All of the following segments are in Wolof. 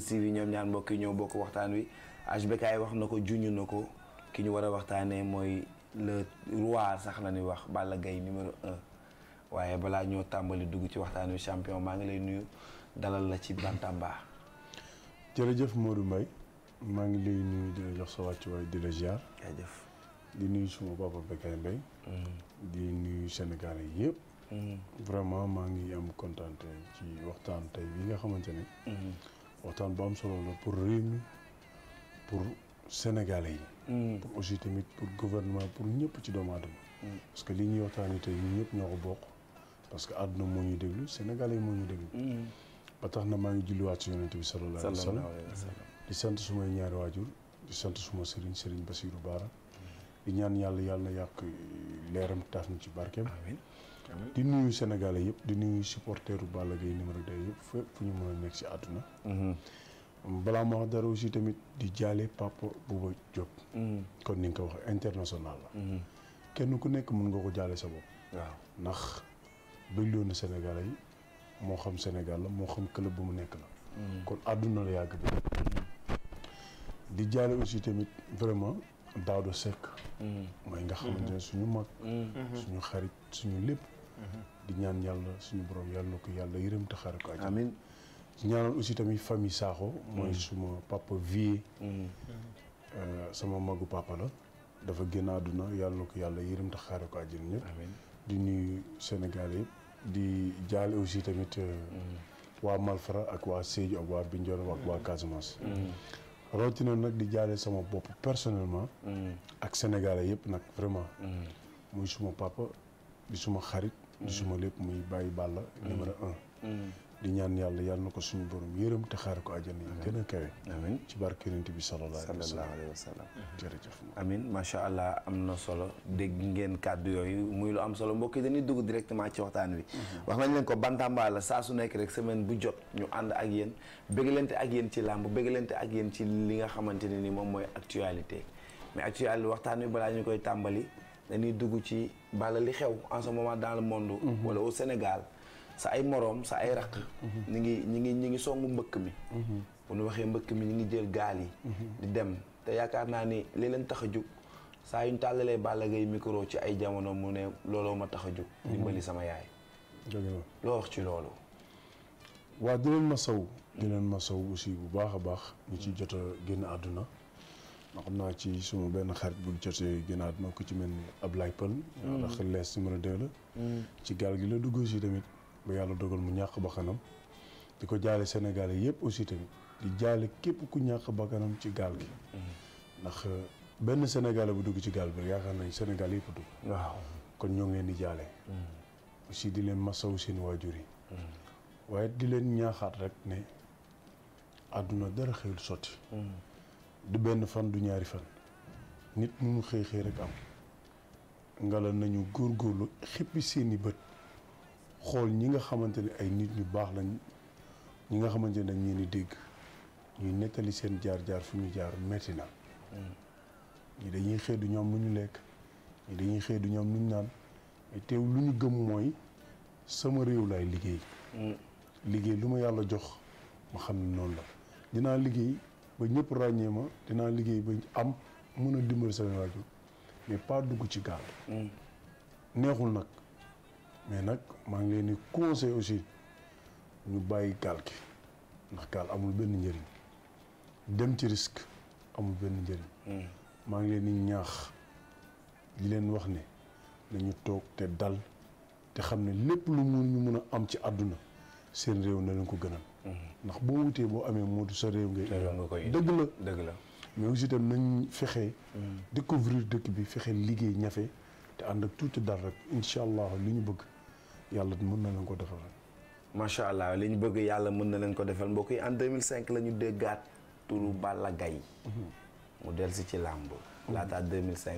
siiw yi ñoom ñaan mbokk yi ñoo bokk waxtaan wi yi wax na ko juñu na ko ki ñu war a waxtaanee mooy le roi sax la ñuy wax Balla Gaye numéro un waaye balaa ñoo tàmbali dugg ci waxtaan wi champion maa ngi lay nuyu dalal la ci Bantamba. jërëjëf Modou Mbaye maa ngi lay nuyu di la jox sa wàccuwaay di la ziar. di nuyu suma papa Bécaye Mbaye mm. nuyu Sénégal yëpp. Mm. maa ngi am kontaan ci waxtaan tey bi nga xamante ne. Mm. waxtaan bu am solo la pour réew mi pour sénégalais yi. Mm. pour aussi tamit pour gouvernement pour ñëpp ci doomu aadama. Mm. parce que lii ñuy waxtaanee tey ñun ñëpp ñoo ko bokk. parce que àdduna moo ñu déglu sénégalais moo ñu déglu. Mm. ba tax na maa ngi julliwaat si yonent bi sallallahu alayhi di sant sumay ñaari waajur di sant suma sëriñ sëriñ Basiru Baara. di ñaan yàlla yàlla na yàq leeram taaf na ci barkeem. di nuyu Sénégalais yëpp di nuyu supporteru Balla Gaye numéro 2 yëpp fépp fu ñu mën a mhm. balaa ma wax dara aussi tamit di jaale Papa Bouba Diop. kon mhm. ni nga ko wax international la. Mhm. kenn ku nekk mën nga ko jaale sa bopp. waaw ndax bëggoon na sénégal yi moo xam Sénégal la moo xam club bu mu nekk la. kon àdduna la yàgg bi. di jaale aussi tamit vraiment Daouda Seck. mooy nga xamante ne suñu mag. suñu xarit suñu lépp. di ñaan yàlla suñu borom yàlla na ko yàlla yërëm te xaare ko amiin di tamit famille Sakho. mooy mm. suma papa vie. Mm. Euh, sama magu papa la. dafa génn àdduna yàlla na yàlla yërëm te xaare ko di ñuy Sénégal yëpp. di jaale aussi tamit. Euh, mm. waa Malfara ak waa Sédhiou ak waa Bignona ak waa Casamance. rawatina nag di jaale sama bopp personnellement. ak sénégalais yëpp nag vraiment. muy suma papa di suma xarit. di suma lépp muy bàyyi Balla a un di ñaan yàlla yàlla na ko suñu borom yërëm te xaar ko àjjana yi gën a ci barke yonent bi sallallahu alayhi wa sallam jërëjëf amiin macha allah am na solo dégg ngeen kàddu yooyu muy lu am solo mbokk yi dañuy dugg directement ci waxtaan wi mhm. wax nañ leen ko Bantamba la saa su nekk rek semaine bu jot ñu ànd ak yéen béggalante ak yéen ci làmb béggalante ak yéen ci li nga xamante ne ni moom mooy actualité mais actualité waxtaan wi balaa ñu koy tàmbali dañuy dugg ci bala li xew en ce moment dans le monde. Mhm. wala au Sénégal sa ay moroom sa ay raq mhm. ñi ngi ñi ngi ñi ngi songu mbëkk mi. Mhm. bu nu waxee mbëkk mi ñu ngi jël gaal yi. di dem te yaakaar naa ni li leen tax a jug saa yu ñu tàllalee Balla Gaye micro ci ay jamono mu ne looloo ma tax a jug. dimbali sama yaay. loo wax ci loolu. waa di leen ma saw di mm. leen ma saw aussi bu baax a baax. ñu ci jot a génn àdduna. ma xam naa ci suma benn xarit bu jotee gënaat ma ko ci mel ni Ablaye Pël ndax mm. lees numéro 2 la mm. ci gaal gi la dugg si tamit ba yàlla dogal mu ñàkk bakkanam di ko jaale Sénégalais yëpp aussi tamit di jaale képp ku ñàkk bakkanam ci gaal gi mm. ndax euh, benn Sénégalais bu dugg ci gaal bi yaakaar nañ Sénégal yëpp dugg waaw kon ñoo ngi leen di jaale aussi di leen masawu seen waajur yi waaye di leen ñaaxaat rek ne àdduna dara xewul sotti du benn fan du ñaari fan nit mënu xëy xëy rek am nga la nañu góorgóorlu xippi seeni bët xool ñi nga xamante ne ay nit ñu baax lañ ñi nga xamante ne dañ leen di dégg ñuy nettali seen jaar-jaar fu ñu jaar metti na ñi dañuy xëy du ñoom lu ñu lekk ñi dañuy xëy du ñoom lu ñu naan teew lu ñu gëm mooy sama réew laay liggéey mm. liggéey lu ma yàlla jox ma xam ni noonu la dinaa liggéey ba ñëpp ràññee ma dinaa liggéey ba am mën a dimbali sama waajur mais pas dugg ci gaal. Mm. neexul nag mais nag maa ngi leen di conseil aussi ñu bàyyi gaal gi ndax gaal amul benn njëriñ dem ci risque amul benn njëriñ. Mm. maa ngi leen di ñaax li leen wax ne dañu toog te dal te xam ne lépp lu mun ñu mën a am ci àdduna seen réew na leen ko gënal. Mm-hmm. ndax boo wutee boo amee mootu sa réew ngay. koy dëgg la dëgg la. mais aussi tam nañ fexe. Mm-hmm. découvrir dëkk bi fexe liggéey ñafe te ànd ak tuuti dara rek incha allah li ñu bëgg yàlla mën na leen ko defal. macha allah li ñu bëgg yàlla mën na leen ko defal mbokk yi en 2005 la ñu déggaat turu Balla Gaye mm-hmm. mu delsi ci làmb. laata 2005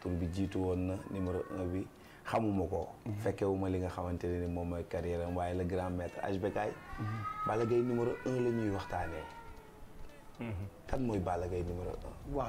tur bi jiitu woon na numéro 1 bi. xamuma ko. ma li nga xamante ne ni moom mooy carrière am waaye la grand maître HBK. Balla Gaye numéro un la ñuy waxtaanee. Mhm. kan mooy Balla Gaye numéro un. waaw